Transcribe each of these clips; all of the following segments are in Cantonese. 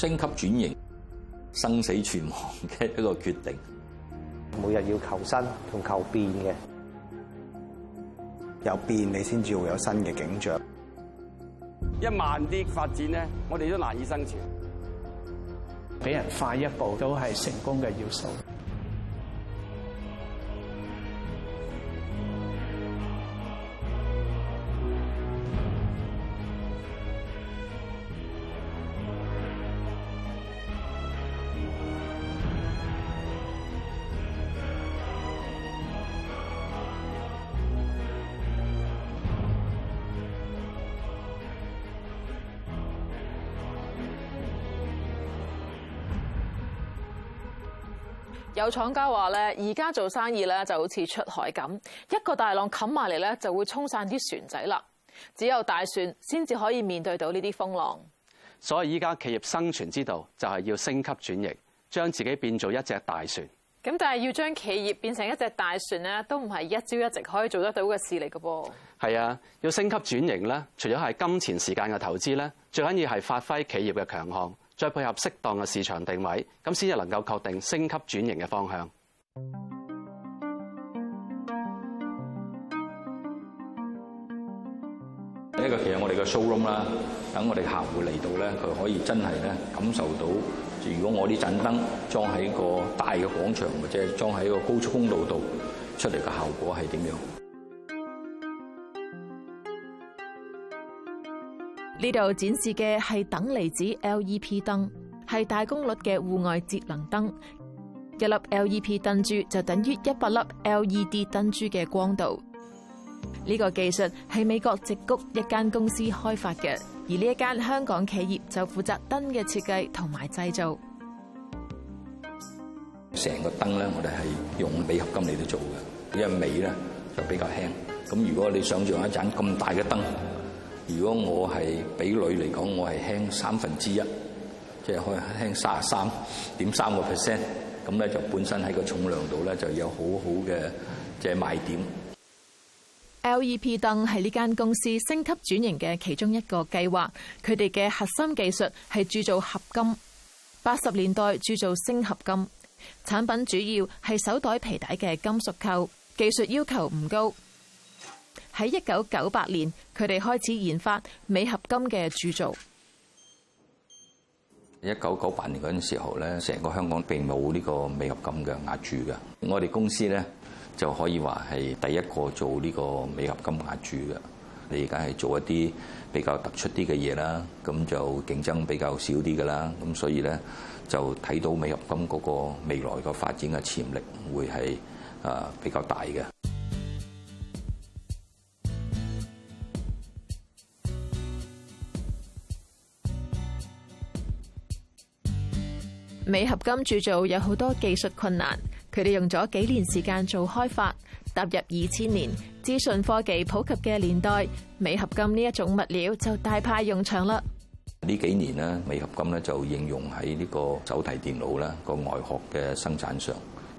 升級轉型，生死存亡嘅一個決定。每日要求新同求變嘅，有變你先至會有新嘅景象。一慢啲發展咧，我哋都難以生存。俾人快一步都係成功嘅要素。廠家話咧，而家做生意咧就好似出海咁，一個大浪冚埋嚟咧，就會沖散啲船仔啦。只有大船先至可以面對到呢啲風浪。所以依家企業生存之道就係要升級轉型，將自己變做一隻大船。咁但係要將企業變成一隻大船咧，都唔係一朝一夕可以做得到嘅事嚟噶噃。係啊，要升級轉型咧，除咗係金錢時間嘅投資咧，最緊要係發揮企業嘅強項。再配合適當嘅市場定位，咁先至能夠確定升級轉型嘅方向。呢個其實我哋嘅 showroom 啦，等我哋客戶嚟到咧，佢可以真係咧感受到，如果我呢盞燈裝喺個大嘅廣場或者裝喺個高速公路度出嚟嘅效果係點樣？呢度展示嘅係等離子 LED 燈，係大功率嘅戶外節能燈。一粒 LED 燈珠就等於一百粒 L E D 燈珠嘅光度。呢、這個技術係美國直谷一間公司開發嘅，而呢一間香港企業就負責燈嘅設計同埋製造。成個燈咧，我哋係用鋁合金嚟到做嘅，因為鋁咧就比較輕。咁如果你想象一盞咁大嘅燈。如果我係比女嚟講，我係輕三分之一，即係可輕三十三點三個 percent，咁咧就本身喺個重量度咧就有好好嘅即係賣點。L.E.P 燈係呢間公司升級轉型嘅其中一個計劃，佢哋嘅核心技術係鑄造合金。八十年代鑄造銅合金產品主要係手袋皮帶嘅金屬扣，技術要求唔高。喺一九九八年，佢哋開始研發鎂合金嘅鑄造。一九九八年嗰陣時候咧，成個香港並冇呢個鎂合金嘅壓鑄嘅。我哋公司咧就可以話係第一個做呢個鎂合金壓鑄嘅。你而家係做一啲比較突出啲嘅嘢啦，咁就競爭比較少啲噶啦。咁所以咧就睇到鎂合金嗰個未來個發展嘅潛力會係啊比較大嘅。鎂合金鑄造有好多技術困難，佢哋用咗幾年時間做開發。踏入二千年資訊科技普及嘅年代，鎂合金呢一種物料就大派用場啦。呢幾年呢，鎂合金咧就應用喺呢個手提電腦啦個外殼嘅生產上。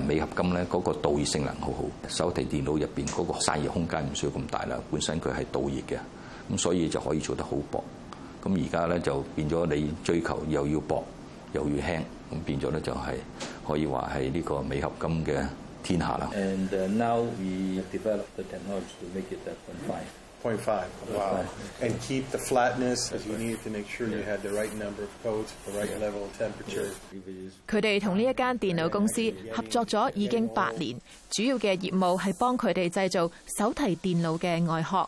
鎂合金咧嗰個導熱性能好好，手提電腦入邊嗰個散熱空間唔需要咁大啦。本身佢係導熱嘅，咁所以就可以做得好薄。咁而家咧就變咗你追求又要薄。又要輕，咁變咗咧就係可以話係呢個鎂合金嘅天下啦。佢哋同呢一間電腦公司合作咗已經八年，主要嘅業務係幫佢哋製造手提電腦嘅外殼。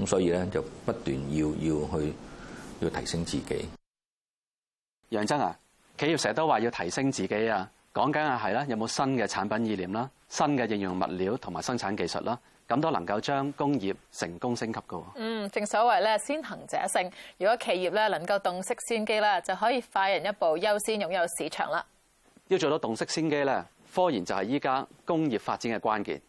咁所以咧，就不斷要要去要提升自己。楊增啊，企業成日都話要提升自己啊，講緊啊，係啦，有冇新嘅產品意念啦，新嘅應用物料同埋生產技術啦，咁都能夠將工業成功升級噶。嗯，正所謂咧，先行者勝。如果企業咧能夠洞悉先機啦，就可以快人一步，優先擁有市場啦。要做到洞悉先機咧，科研就係依家工業發展嘅關鍵。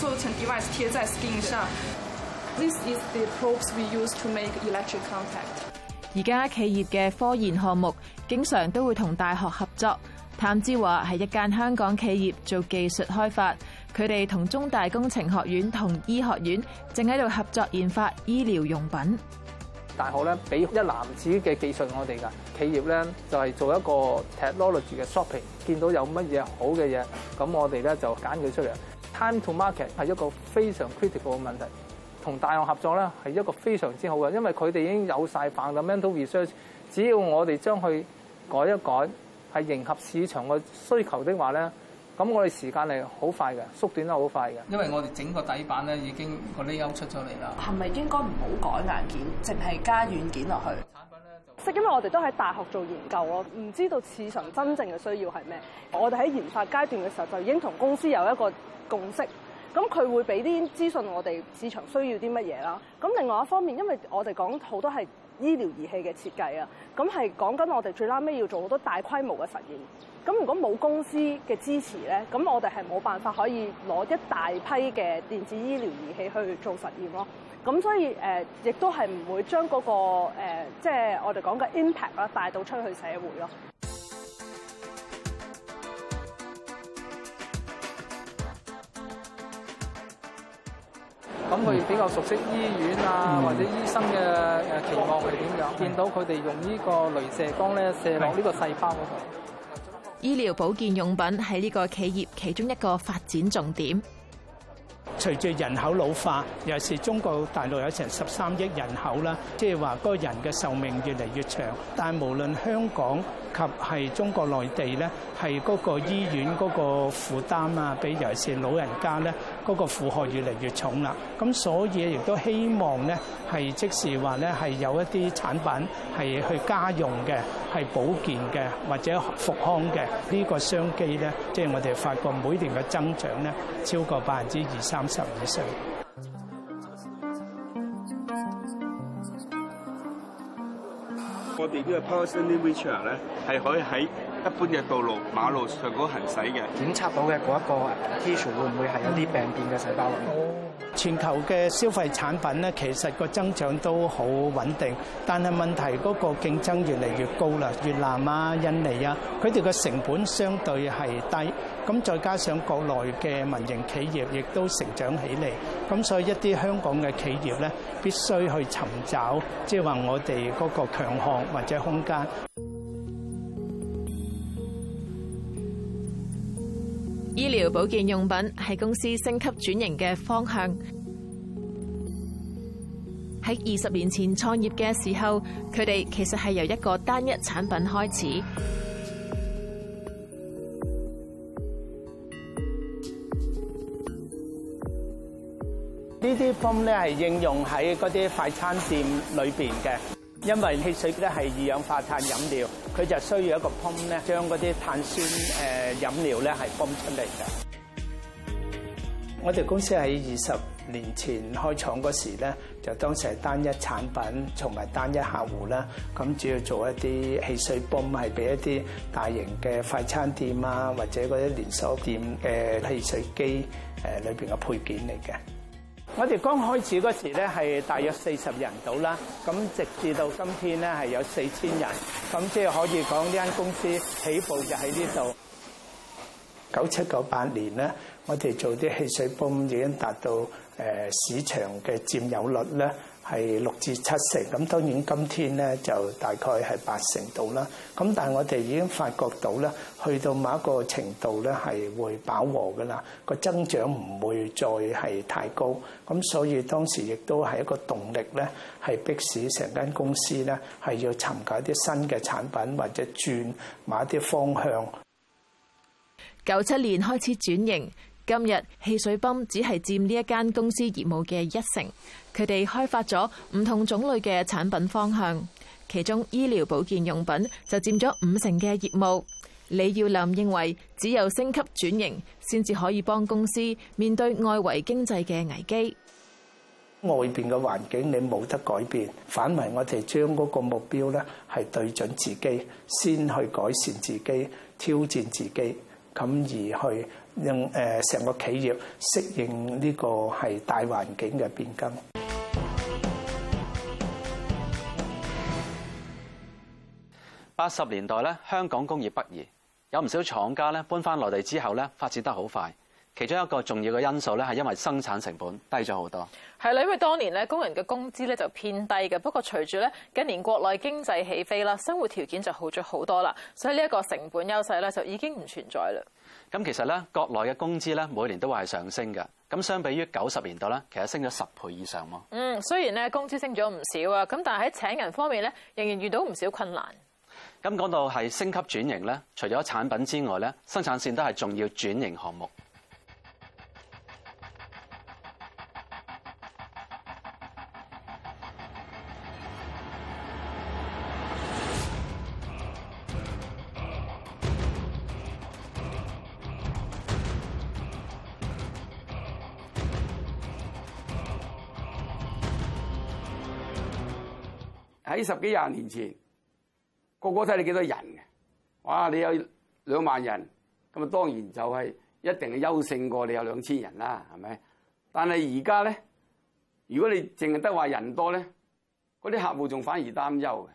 做成 device 貼在 skin 上。This is the probes we use to make electric contact。而家企業嘅科研項目經常都會同大學合作。譚志華係一間香港企業做技術開發，佢哋同中大工程學院同醫學院正喺度合作研發醫療用品。大學咧俾一籃子嘅技術我哋㗎，企業咧就係做一個 technology 嘅 shopping，見到有乜嘢好嘅嘢，咁我哋咧就揀佢出嚟。Time to market 係一個非常 critical 嘅問題，同大行合作咧係一個非常之好嘅，因為佢哋已經有曬 fundamental research，只要我哋將佢改一改，係迎合市場嘅需求的話咧，咁我哋時間係好快嘅，縮短得好快嘅。因為我哋整個底板咧已經個 layout 出咗嚟啦。係咪應該唔好改硬件，淨係加軟件落去？因為我哋都喺大學做研究咯，唔知道市場真正嘅需要係咩。我哋喺研發階段嘅時候就已經同公司有一個共識，咁佢會俾啲資訊我哋市場需要啲乜嘢啦。咁另外一方面，因為我哋講好多係醫療儀器嘅設計啊，咁係講緊我哋最拉尾要做好多大規模嘅實驗。咁如果冇公司嘅支持咧，咁我哋係冇辦法可以攞一大批嘅電子醫療儀器去做實驗咯。咁所以誒、那個，亦都係唔會將嗰個，即係我哋講嘅 impact 啦，帶到出去社會咯。咁佢比較熟悉醫院啊，或者醫生嘅誒情況佢係點樣、嗯、見到佢哋用呢個鐳射光咧，射落呢個細胞。醫療保健用品係呢個企業其中一個發展重點。隨住人口老化，尤其是中國大陸有成十三億人口啦，即係話個人嘅壽命越嚟越長。但係無論香港及係中國內地咧，係嗰個醫院嗰個負擔啊，比尤其是老人家咧。嗰、那個負荷越嚟越重啦，咁所以亦都希望咧係即時話咧係有一啲產品係去家用嘅，係保健嘅或者復康嘅呢、這個商機咧，即、就、係、是、我哋發覺每年嘅增長咧超過百分之二三十以上。我哋呢個 personal leisure 咧係可以喺一般嘅道路馬路上嗰行駛嘅檢測到嘅嗰一個 Tissue 會唔會，係一啲病變嘅細胞？哦！全球嘅消費產品咧，其實個增長都好穩定，但係問題嗰個競爭越嚟越高啦。越南啊、印尼啊，佢哋嘅成本相對係低，咁再加上國內嘅民營企業亦都成長起嚟，咁所以一啲香港嘅企業咧，必須去尋找即係話我哋嗰個強項或者空間。醫療保健用品係公司升級轉型嘅方向。喺二十年前創業嘅時候，佢哋其實係由一個單一產品開始。呢啲泵咧係應用喺嗰啲快餐店裏邊嘅，因為汽水咧係二氧化碳飲料。佢就需要一個泵咧，將嗰啲碳酸飲料咧係泵出嚟嘅。我哋公司喺二十年前開廠嗰時咧，就當時係單一產品同埋單一客戶啦。咁主要做一啲汽水泵，係俾一啲大型嘅快餐店啊，或者嗰啲連鎖店嘅汽水機裏面嘅配件嚟嘅。我哋剛開始嗰時咧，係大約四十人到啦。咁直至到今天咧，係有四千人。咁即係可以講呢間公司起步就喺呢度。九七、九八年咧，我哋做啲汽水泵已經達到市場嘅佔有率咧，係六至七成，咁當然今天咧就大概係八成度啦。咁但係我哋已經發覺到啦，去到某一個程度咧係會飽和噶啦，個增長唔會再係太高。咁所以當時亦都係一個動力咧，係逼使成間公司咧係要尋求一啲新嘅產品或者轉某一啲方向。九七年開始轉型。今日汽水泵只係佔呢一間公司業務嘅一成，佢哋開發咗唔同種類嘅產品方向，其中醫療保健用品就佔咗五成嘅業務。李耀林認為，只有升級轉型，先至可以幫公司面對外圍經濟嘅危機。外邊嘅環境你冇得改變，反為我哋將嗰個目標咧，係對準自己，先去改善自己，挑戰自己。咁而去令誒成個企業適應呢個係大環境嘅變更。八十年代咧，香港工業北移，有唔少廠家咧搬翻內地之後咧，發展得好快。其中一個重要嘅因素咧，係因為生產成本低咗好多。係啦，因為當年咧工人嘅工資咧就偏低嘅。不過隨住咧近年國內經濟起飛啦，生活條件就好咗好多啦，所以呢一個成本優勢咧就已經唔存在啦。咁其實咧國內嘅工資咧每年都係上升嘅。咁相比於九十年代咧，其實升咗十倍以上喎。嗯，雖然咧工資升咗唔少啊，咁但係喺請人方面咧仍然遇到唔少困難。咁講到係升級轉型咧，除咗產品之外咧，生產線都係重要轉型項目。幾十幾廿年前，個個睇你幾多人嘅，哇！你有兩萬人，咁啊當然就係一定係優勝過你有兩千人啦，係咪？但係而家咧，如果你淨係得話人多咧，嗰啲客戶仲反而擔憂嘅。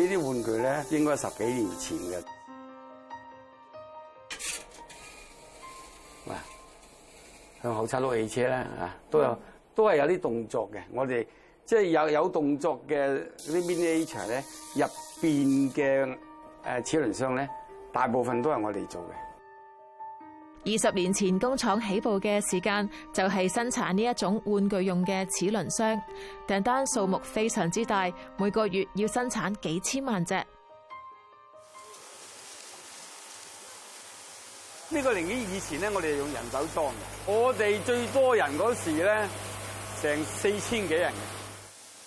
呢啲玩具咧，應該十幾年前嘅。喂，向後擦轆汽車咧嚇、啊，都有、嗯、都係有都係有啲動作嘅。我哋即係有有動作嘅呢邊啲場咧，入邊嘅誒齒輪箱咧，大部分都係我哋做嘅。二十年前工廠起步嘅時間就係、是、生產呢一種玩具用嘅齒輪箱，訂單數目非常之大，每個月要生產幾千萬隻。呢、這個零件以前咧，我哋用人手裝嘅。我哋最多人嗰時咧，成四千幾人，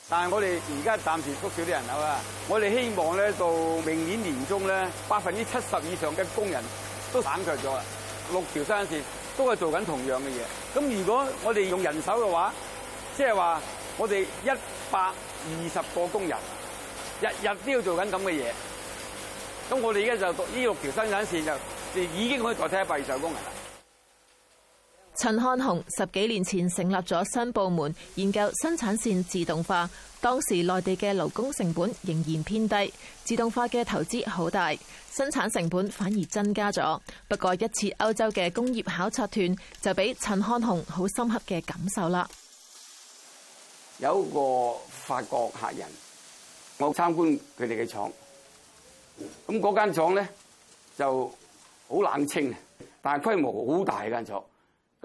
但係我哋而家暫時縮小啲人口啊。我哋希望咧，到明年年中咧，百分之七十以上嘅工人都省卻咗啦。六條生產線都係做緊同樣嘅嘢，咁如果我哋用人手嘅話，即係話我哋一百二十個工人日日都要做緊咁嘅嘢，咁我哋而家就讀呢六條生產線就就已經可以代替一百二十個工人啦。陳漢雄十幾年前成立咗新部門研究生產線自動化，當時內地嘅勞工成本仍然偏低，自動化嘅投資好大，生產成本反而增加咗。不過一次歐洲嘅工業考察團就俾陳漢雄好深刻嘅感受啦。有個法國客人，我參觀佢哋嘅廠，咁嗰間廠呢，就好冷清，但係規模好大間廠。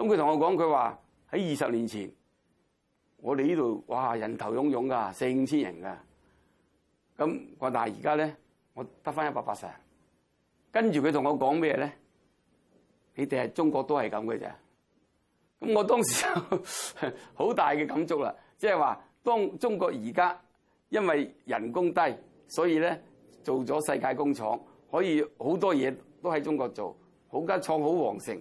咁佢同我講，佢話喺二十年前，我哋呢度哇人頭湧湧㗎，四五千人㗎。咁我但係而家咧，我得返一百八十人。跟住佢同我講咩咧？你哋係中國都係咁嘅啫。咁我當時就好大嘅感觸啦，即係話當中國而家因為人工低，所以咧做咗世界工廠，可以好多嘢都喺中國做，好加創好旺盛。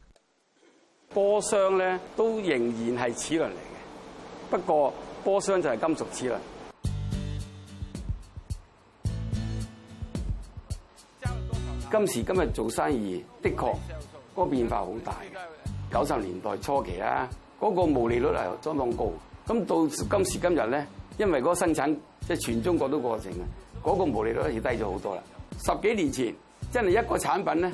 波箱咧都仍然係齒輪嚟嘅，不過波箱就係金屬齒輪。今時今日做生意的確嗰、那個變化好大九十年代初期啦嗰、那個毛利率相當高，咁到今時今日咧，因為嗰個生產即係全中國都過剩啊，嗰、那個毛利率已低咗好多啦。十幾年前真係一個產品咧，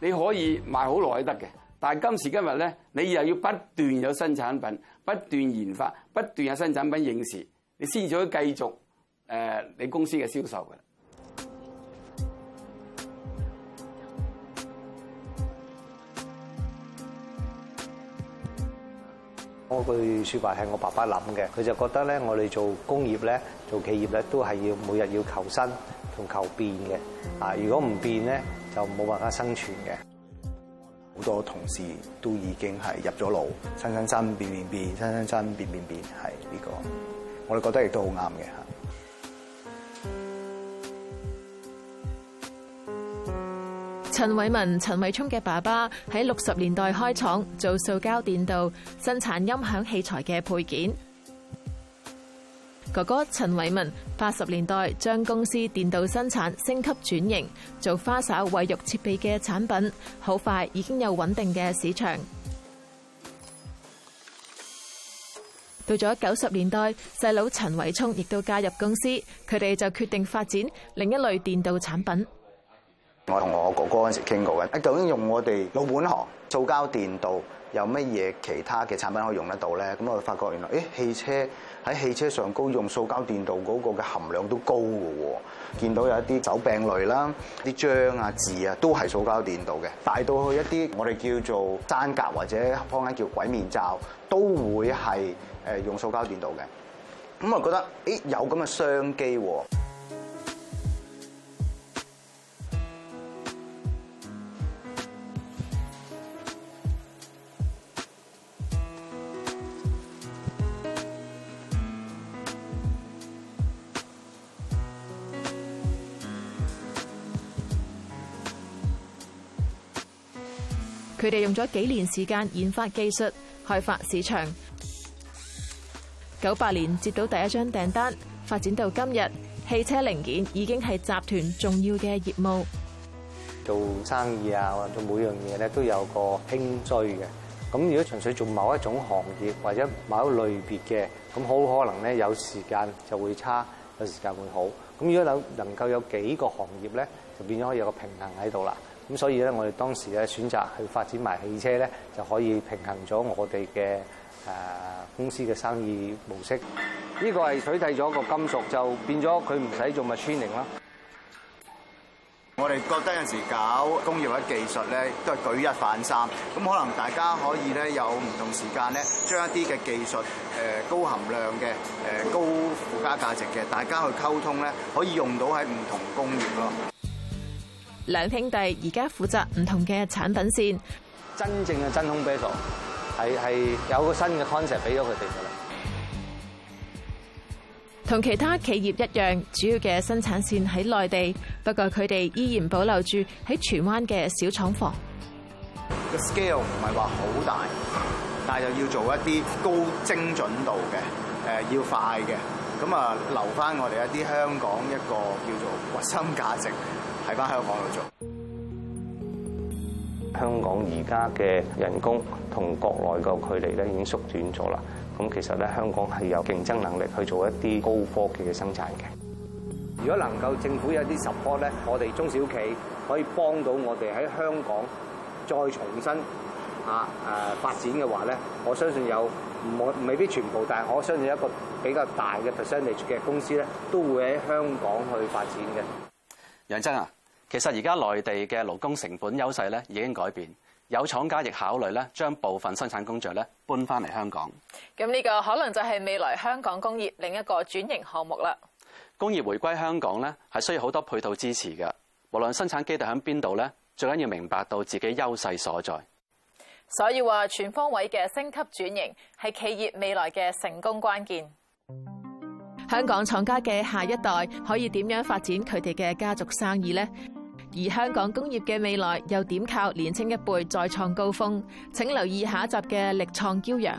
你可以賣好耐得嘅。但係今時今日咧，你又要不斷有新產品，不斷研發，不斷有新產品應時，你先至可以繼續誒、呃、你公司嘅銷售嘅。我句説話係我爸爸諗嘅，佢就覺得咧，我哋做工業咧、做企業咧，都係要每日要求新同求變嘅。啊，如果唔變咧，就冇辦法生存嘅。好多同事都已經係入咗路，新新新變變變，新新新變變變，係呢個，我哋覺得亦都好啱嘅吓。陳偉文、陳偉聰嘅爸爸喺六十年代開廠，做塑膠電鍍，生產音響器材嘅配件。哥哥陳偉文八十年代將公司電鍍生產升級轉型，做花灑衛浴設備嘅產品，好快已經有穩定嘅市場。到咗九十年代，細佬陳偉聰亦都加入公司，佢哋就決定發展另一類電鍍產品。我同我哥哥嗰陣時傾過嘅，究竟用我哋老本行做膠電鍍，有乜嘢其他嘅產品可以用得到咧？咁我就發覺原來誒汽車喺汽車上高用塑膠電鍍嗰個嘅含量都高嘅喎，見到有一啲手柄類啦、啲章啊、字啊都係塑膠電鍍嘅，大到去一啲我哋叫做山格或者坊間叫鬼面罩，都會係誒用塑膠電鍍嘅。咁我覺得誒有咁嘅商機喎，啊。佢哋用咗幾年時間研發技術、開發市場。九八年接到第一張訂單，發展到今日，汽車零件已經係集團重要嘅業務。做生意啊，或者做每樣嘢咧，都有個興衰嘅。咁如果純粹做某一種行業或者某一個類別嘅，咁好可能咧，有時間就會差，有時間會好。咁如果能能夠有幾個行業咧？就變咗可以有個平衡喺度啦。咁所以咧，我哋當時咧選擇去發展埋汽車咧，就可以平衡咗我哋嘅誒公司嘅生意模式。呢個係取締咗個金屬，就變咗佢唔使做 machining 啦。我哋覺得有時搞工業或者技術咧，都係舉一反三。咁可能大家可以咧有唔同時間咧，將一啲嘅技術誒高含量嘅誒高附加價值嘅，大家去溝通咧，可以用到喺唔同工業咯。兩兄弟而家負責唔同嘅產品線。真正嘅真空啤酒係有個新嘅 concept 俾咗佢哋噶啦。同其他企業一樣，主要嘅生產線喺內地，不過佢哋依然保留住喺荃灣嘅小廠房。個 scale 唔係話好大，但係又要做一啲高精準度嘅，誒要快嘅，咁啊留翻我哋一啲香港一個叫做核心價值。喺返香港去做。香港而家嘅人工同國內嘅距離咧已經縮短咗啦。咁其實咧，香港係有競爭能力去做一啲高科技嘅生產嘅。如果能夠政府有啲 support 咧，我哋中小企可以幫到我哋喺香港再重新啊誒發展嘅話咧，我相信有唔我未必全部，但係我相信一個比較大嘅 percentage 嘅公司咧，都會喺香港去發展嘅。楊真啊！其實而家內地嘅勞工成本優勢咧，已經改變。有廠家亦考慮咧，將部分生產工序咧搬翻嚟香港。咁呢個可能就係未來香港工業另一個轉型項目啦。工業回歸香港咧，係需要好多配套支持㗎。無論生產基地喺邊度咧，最緊要明白到自己優勢所在。所以話全方位嘅升級轉型係企業未來嘅成功關鍵。香港廠家嘅下一代可以點樣發展佢哋嘅家族生意呢？而香港工業嘅未來又點靠年青一輩再創高峰？請留意下一集嘅《力創驕陽》。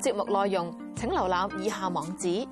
節目內容，請瀏覽以下網址。